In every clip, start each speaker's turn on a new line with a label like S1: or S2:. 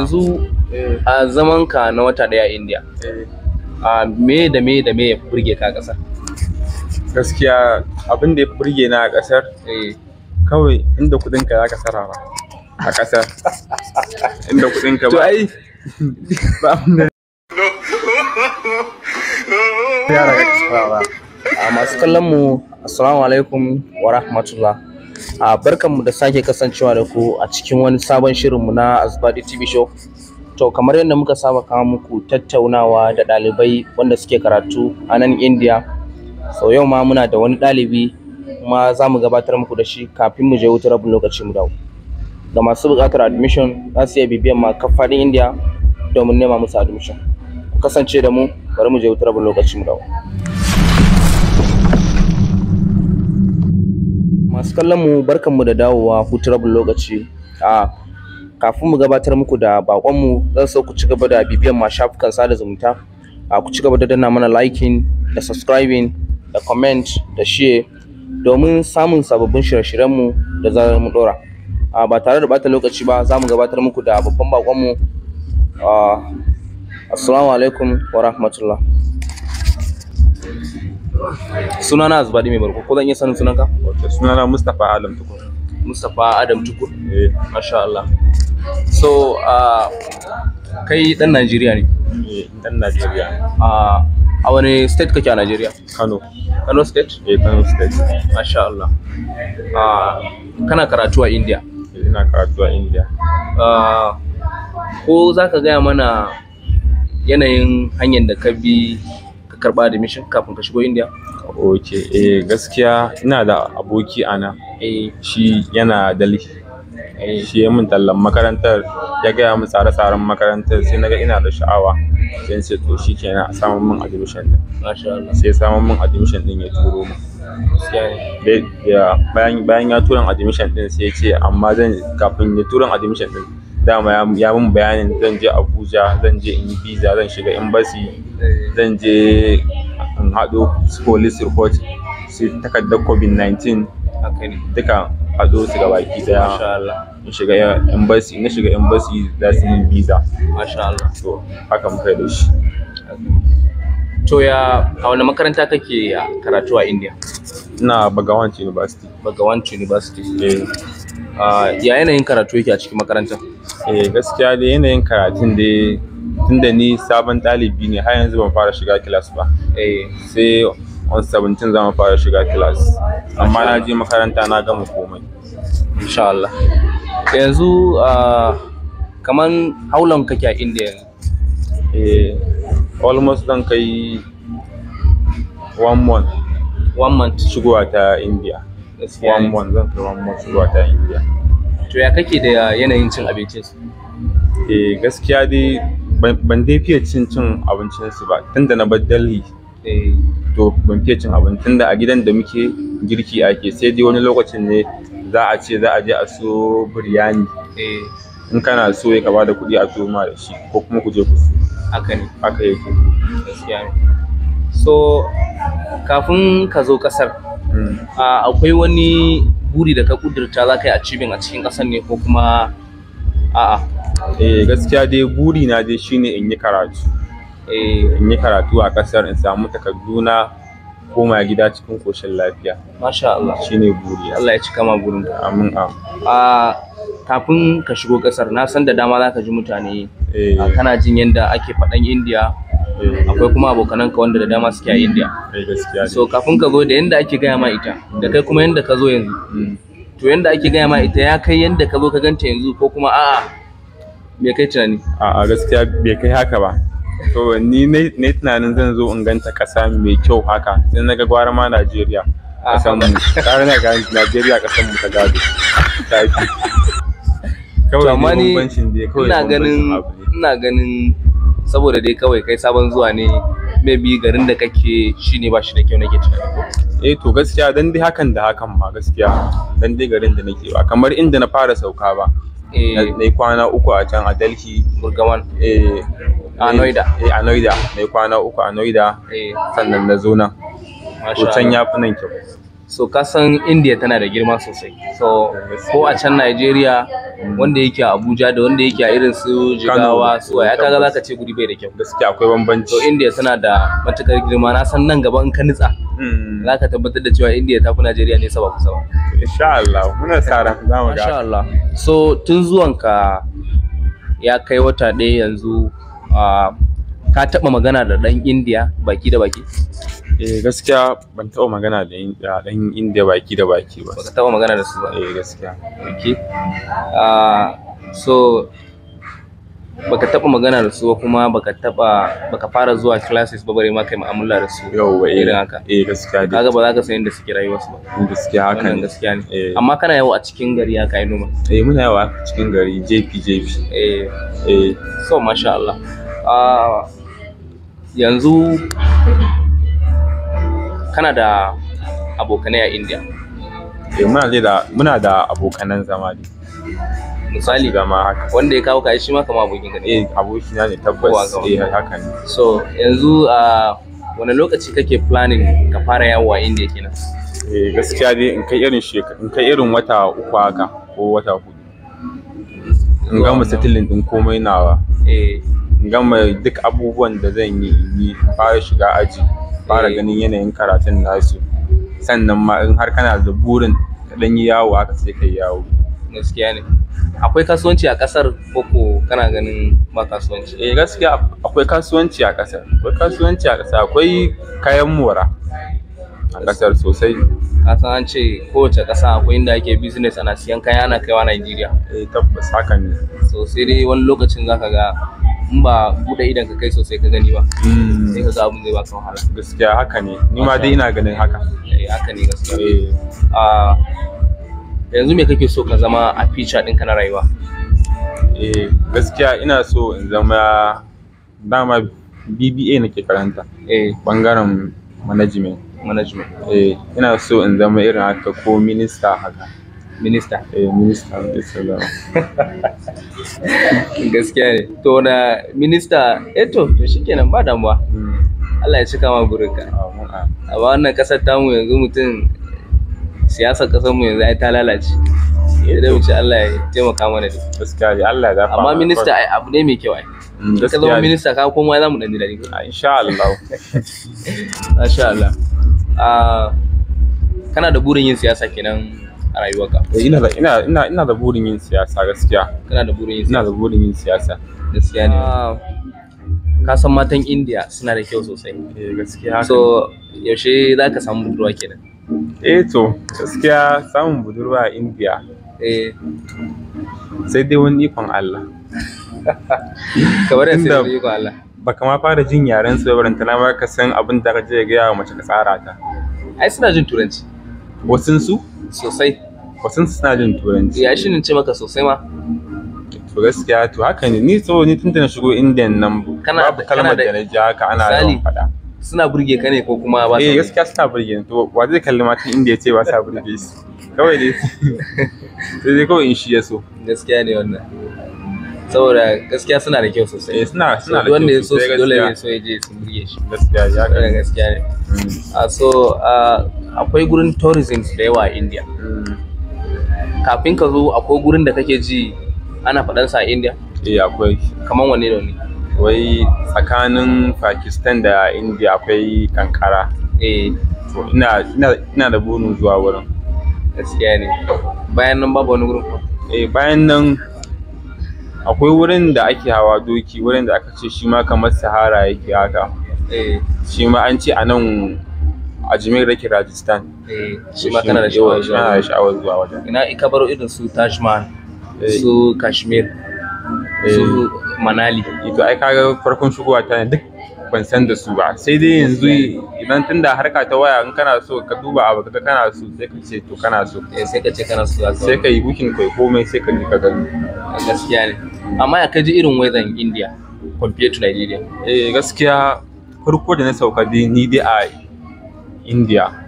S1: yanzu a zaman ka na wata daya a india eh. a ah, me da me da me ya burge ka kasar gaskiya abin da ya burge na a kasar eh. kawai inda kudin ka zaka sarara a kasar inda kudin ka ba ba yara ah, ga kasara ba masu kallon mu assalamu alaikum wa rahmatullah a barkanmu da sake kasancewa da ku a cikin wani sabon shirinmu na Azbadi TV show to kamar yadda muka saba kawo muku tattaunawa da ɗalibai wanda suke karatu a nan India so yau ma muna da wani ɗalibi kuma za mu gabatar muku da shi kafin mu je wuta rabin lokaci mu dawo ga masu buƙatar admission za su iya bibiyan ma kafaɗin India domin nema musu admission ku kasance da mu bari mu je wuta rabin lokaci mu dawo masu kallon mu barkan mu da dawowa hutu rabin lokaci a kafin mu gabatar muku da bakon mu zan so ku ci gaba da bibiyan ma shafukan sada zumunta a ku ci gaba da danna mana liking da subscribing da comment da share domin samun sababbin shirye-shiryen mu da zarar mu dora a ba tare da bata lokaci ba za mu gabatar muku da babban bakon mu assalamu alaikum wa rahmatullah sunana azbadi mai barko ko zan iya sanin sunanka sunana mustapha adam tukur mustapha adam tukur eh masha Allah so uh, kai dan najeriya ne dan eh, najeriya uh, a wani state kake a najeriya kano kano state eh kano state masha Allah uh, kana karatu a india eh, ina karatu a india uh, ko za ka gaya mana yanayin hanyar da ka bi karba admission kafin ka shigo India? Ok, eh gaskiya ina da aboki ana eh. shi yana eh Shi ya min tallan makarantar ya gaya min tsare-tsaren makarantar sai naga ina da sha'awa. Sai sai to shi kenan a samun min admission din. Sai samun min admission din ya turo min. Bayan ya turan admission din sai ya ce amma zan kafin ya turan admission din dama ya mun bayanin zan je abuja zan je in yi visa zan shiga embassy zan je in haɗo police report sai takardar covid-19 duka haɗo su ga baki daya in shiga embassy in shiga embassy za su yi visa to haka muka da shi to ya a wani makaranta kake karatu a india ina bagawanci university bagawanci university eh. ya yanayin karatu yake a cikin makarantar eh gaskiya da yanayin karatun dai tunda ni sabon ɗalibi ne har yanzu ban fara shiga kilas ba eh sai on 17 za mu fara shiga kilas amma na je makaranta na gama komai insha Allah yanzu kaman how long kake a India yanzu eh almost dan kai one month one month shigowa ta India one month zan kai one month zuwa ta Indiya. to ya kake da yanayin cin abincin su eh gaskiya dai ban dai fiye cin cin abincin su ba tunda na bar Delhi eh. to ban fiye cin abincin da a gidan da muke girki ake sai dai wani lokacin ne za a ce za a je a so biryani eh in kana so ya ka da kuɗi a so ma da shi ko kuma ku je ku so haka ne haka yake gaskiya so kafin ka zo kasar akwai wani buri da ka kudurta za ka yi achieving a cikin ƙasar ne ko kuma a'a eh gaskiya dai buri na dai shine in yi karatu eh in yi karatu a ƙasar in samu takarduna koma gida cikin koshin lafiya masha Allah shine buri Allah ya cika ma burin ka amin a kafin ka shigo ƙasar na san da dama za ka ji mutane eh. kana jin yadda ake faɗan Indiya akwai kuma abokananka wanda da dama suke a India eh, so kafin ka zo da yanda ake gaya ma ita da kai kuma yanda ka zo yanzu mm. to yanda ake gaya ma ita ya kai yanda ka zo ka ganta yanzu ko kuma a'a me kai tunani a'a gaskiya bai kai haka ba to ni ne tunanin zan zo in ganta ƙasa mai kyau haka sai na ga gwara ma Najeriya ah. ƙasar mu ƙara na ga Najeriya ƙasar mu ta gado ta kawai ne bambancin ina ganin ina ganin saboda dai kawai kai sabon zuwa ne maybe garin da kake ne ba shi da kyau nake tunani eh to gaskiya dan dai hakan da hakan ba gaskiya dan dai garin da nake ba kamar inda na fara sauka ba eh. na yi kwana uku a can a Delhi Burgaman eh a Noida eh, eh a Noida na yi kwana uku a Noida eh. sannan na zo nan to can ya fi nan kyau so kasan india tana da girma sosai so ko a can nigeria wanda yake abuja da wanda yake a irin su jigawa su ya kaga zaka ce guri bai da kyau gaskiya akwai bambanci so india tana da matukar girma na san nan gaba in ka nitsa hmm. zaka tabbatar da cewa india ta fi nigeria ne saba kusa ba insha Allah muna tsara za mu ga insha Allah so tun zuwanka ya kai wata ɗaya yanzu ah, ka taɓa magana da ɗan indiya baki da baki eh gaskiya ban taɓa magana da ɗan indiya baki da baki ba ka taɓa magana da su ba eh gaskiya okay ah so baka taɓa magana da su ba kuma baka taɓa baka fara zuwa classes ba bare ma kai mu'amala da su Yau ba eh, irin haka eh gaskiya kaga ba za ka san inda suke rayuwa su ba mm, gaskiya haka ne gaskiya ne eh. amma kana yawo a cikin gari haka ai noma eh muna yawo a cikin gari JP JP eh eh so masha Allah ah yanzu kana da abokanai a India? Eh muna da muna da abokanan zama ne. Misali zama haka. Wanda ya kawo ka shi ma kama abokin ka ne. Eh abokina ne tabbas eh haka ne. So yanzu a ah, wani lokaci kake planning ka fara yawo a India kenan? Eh gaskiya dai in kai irin shekara in kai irin wata uku haka ko wata hudu. In ga settling din komai nawa. Eh in gama duk abubuwan da zan yi in yi in fara shiga aji in fara eh. ganin yanayin karatun nasu sannan ma in har kana da burin ka dan yi yawo haka sai ka yi yawo gaskiya ne akwai kasuwanci a ƙasar Ko kana ganin ba kasuwanci eh gaskiya akwai kasuwanci a ƙasar akwai kasuwanci a kasar akwai kayan mora a ƙasar sosai Kasan san an ce kowace ƙasa akwai inda ake business ana siyan kaya ana kaiwa Najeriya eh tabbas hakan ne so sai dai wani lokacin zaka ga in ba bude idan ka kai sosai ka gani ba hmm. sai ka ga abin zai baka wahala gaskiya haka ne ni ma dai ina ganin haka eh haka ne gaskiya eh. a ah, yanzu me kake so ka zama a feature ɗinka na rayuwa eh gaskiya ina so in zama dama BBA nake karanta eh bangaren management management eh ina so in zama irin haka ko minista haka minista eh minista salama. gaskiya ne to na minista eh to to shikenan ba damuwa hmm. Allah ya cika ma burinka a wannan kasar tamu yanzu mutum siyasar kasar mu yanzu ai ta lalace sai dai wuce Allah ya taimaka mana da gaskiya ne Allah ya gafa amma minista ai abu ne mai kyau ai hmm, ka zama minista ka kuma za mu dan ji dadi ah, insha Allah insha Allah ah, kana da burin yin siyasa kenan a rayuwarka eh, ina da ina ina ina da burin yin siyasa gaskiya kana da burin yin siyasa ina da burin yin siyasa gaskiya ne ka san matan India suna da kyau sosai eh gaskiya so yaushe za ka samu budurwa kenan eh to gaskiya samun budurwa a India eh sai dai wani ikon Allah kamar da sai wani ikon Allah ba ma fara jin yaren su barin tana ba ka san abin da ka je gaya wa mace ka tsara ta ai suna jin turanci wasu su sosai wasan suna jin turanci ya shi ce maka sosai ma to gaskiya to haka ne ni so ni tun da na shigo indian nan babu kalmar da na ji haka ana yawan faɗa suna burge ka ne ko kuma ba eh gaskiya suna burge ni to wa zai kalli tun indiya ce ba sa burge shi kawai dai sai dai kawai in shi ya so gaskiya ne wannan saboda gaskiya suna da kyau sosai eh suna suna da kyau wanda ya so dole ne so ya je su burge shi gaskiya ya gaskiya ne mm. a ah, so ah, akwai gurin tourism da yawa a india kafin ka zo akwai gurin da kake ji ana faɗansa a india eh akwai kamar wani da wani wai tsakanin pakistan da india akwai kankara eh to ina ina ina da burin zuwa wurin gaskiya ne bayan nan babu wani gurin eh bayan nan akwai wurin da ake hawa doki wurin da aka ce shi ma kamar sahara yake haka eh shi ma an ce a nan a Jimir da ke Rajasthan. Eh, shi ma kana da sha'awar zuwa. Ina zuwa wajen. Ina ika baro irin su Taj Mahal, eh. su Kashmir, eh. su Manali. Ito ai kaga farkon shigowa ta ne duk ban san da su ba sai dai yanzu idan tun da harka ta waya in kana so ka duba abu ka kana so sai ka ce to kana so sai ka ce kana so sai ka yi bukin kai komai sai ka ji ka gani gaskiya ne amma ya kaji irin weather in India compared to Nigeria eh gaskiya farko da na sauka ni dai a india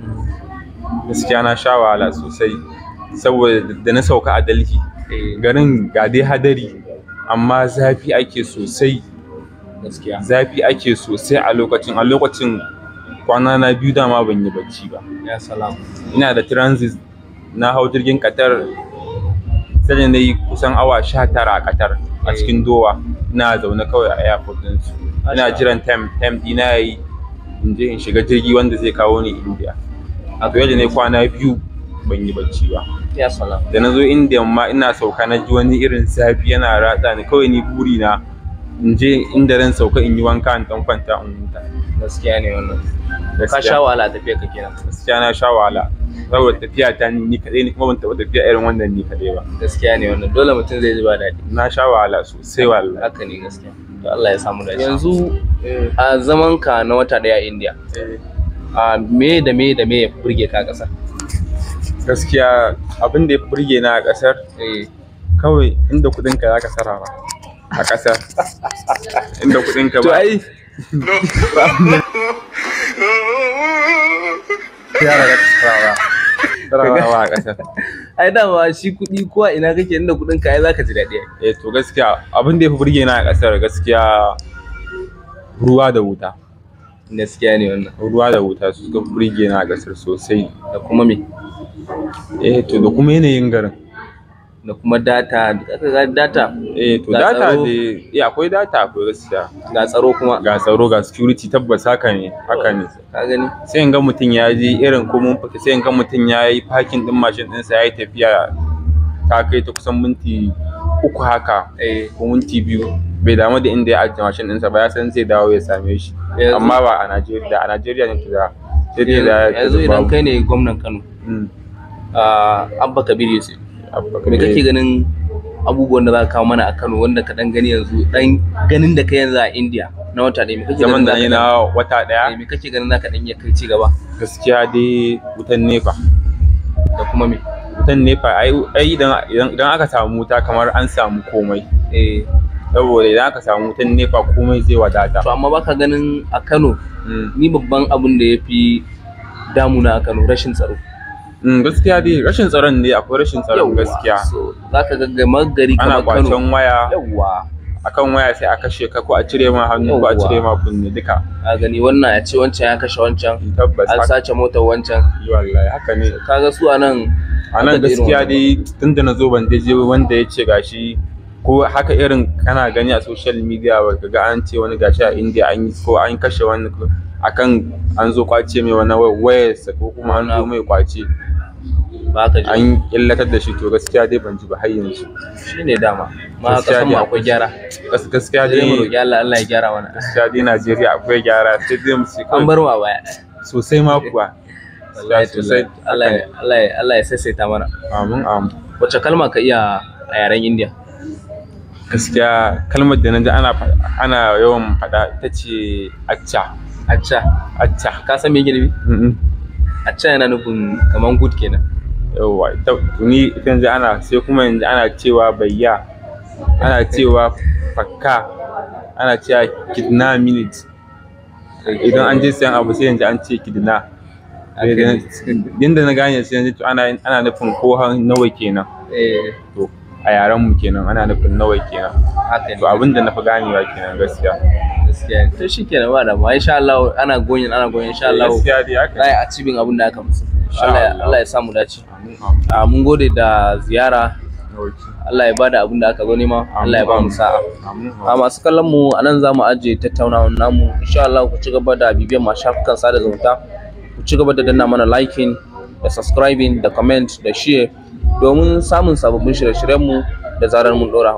S1: gaskiya na sha wahala sosai saboda da na sauka a dalhi eh. garin ga dai hadari amma zafi ake sosai zafi ake sosai a lokacin a lokacin kwana na biyu dama ban yi bacci ba ya salam ina da transit na hau jirgin qatar sai na yi kusan awa sha tara a qatar a eh. cikin dowa ina zaune kawai a airport ɗinsu ina jiran time time ɗina yayi in je in shiga jirgi wanda zai kawo ni India a to ne kwana biyu ban yi bacci ba da na zo India ma ina sauka na ji wani irin safi yana ratsa ni kawai ni buri na in je inda ran sauka in yi wanka in dan kwanta in huta gaskiya ne wannan ka sha wahala tafiya ka kenan gaskiya na sha wahala saboda tafiya ta ni kadai ne kuma ban taɓa tafiya irin wannan ni kadai ba gaskiya ne wannan dole mutum zai ji ba daɗi na sha wahala sosai wallahi haka ne gaskiya Allah ya samu da yanzu eh, a zaman ka na wata daya a India eh. a me da me da me ya burge ka kasar gaskiya abin da ya burge na a kasar eh. kawai inda kudin ka zaka sarara a kasar inda kudin ka ba ai yara ka sarara ba a kasar ai dama shi kuɗi ko a ina kake inda kuɗin ka ai zaka ji daɗi eh to gaskiya abin da yafi burge na a ƙasar gaskiya ruwa da wuta gaskiya ne wannan ruwa da wuta su suka burge na a ƙasar sosai da kuma me eh to da kuma yanayin garin da kuma data ga data eh to data ne eh, ya akwai data akwai gaskiya ga tsaro kuma ga tsaro ga security tabbas haka ne haka ne ka gani sai in ga mutum ya je irin ko mun fita sai in ga mutum ya yi parking din mashin din sa ya yi tafiya ta kai ta kusan minti uku haka eh ko minti biyu bai damu da inda ya ajiye mashin ɗinsa ba ya san zai dawo ya same shi amma ba a Najeriya a Najeriya ne da sai da yanzu idan kai ne gwamnan Kano mm. ah, Abba Kabir Yusuf me kake eh. ganin abubuwan da za ka kawo mana a Kano wanda ka dan gani yanzu dan ganin da ka yanzu a India na wata ɗaya me kake zaman da na wata ɗaya eh, me kake ganin zaka dan ya kai ci gaba gaskiya dai wutan nefa da kuma me wutan nefa ai idan idan aka samu wuta kamar an samu komai eh saboda idan aka samu wutan nefa komai zai wadata to amma baka ganin a Kano mm. ni babban abin da yafi damuna a Kano rashin tsaro Mm, gaskiya dai rashin tsaron ne akwai rashin tsaron gaskiya za ka ga kamar kano ana kwacen waya yawa akan waya sai a kashe ka ko a cire ma hannu ko a cire ma kunne duka a gani wannan ya ce wancan ya kashe wancan mm, tabbas an sace motar wancan wallahi haka ne ga su anan anan a nan gaskiya dai tunda na zo ban je je wanda ya ce gashi ko haka irin kana gani a social media ba ga an ce wani gashi a India an ko an kashe wani akan an zo kwace mai wani wayarsa ko kuma an zo mai kwace an illatar da shi to gaskiya dai ban ji ba har yanzu shine dama ma kasan mu akwai gyara gaskiya dai mu roki Allah Allah ya gyara mana gaskiya dai Najeriya akwai gyara sai dai mu an bar wa baya sosai ma kuwa sosai Allah Allah Allah ya saisaita mana amin amin wace kalma ka iya a yaren India gaskiya kalmar da na ji ana yawan faɗa ita ce acca acca acca ka san me girbi acca yana nufin kaman good kenan yawa ni yanzu ana sai kuma yanzu ana cewa bayya ana cewa fakka ana cewa kidna minute idan an je sayan abu sai yanzu an ce kidna yadda na gane sai yanzu ana ana nufin ko nawa kenan eh. to a yaren mu kenan ana nufin nawa kenan to abinda na fi ganewa kenan gaskiya gaskiya to shikenan ba da ma insha Allah ana goyin ana goyin insha Allah eh, ai cibin abin da aka musu Allah ya samu dace ah, mun gode da ziyara Allah ya bada abin da aka zo ma Allah ya ba mu sa'a a ah, masu kallon mu anan za mu ajiye tattaunawar namu insha Allah ku ci gaba da bibiyar ma shafukan sada zumunta ku ci gaba da danna mana liking da subscribing da comment da share domin samun sababbin shirye-shiryen mu da zarar mun dora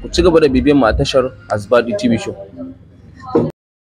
S1: ku ci gaba da bibiyar mu a tashar Azbadi TV show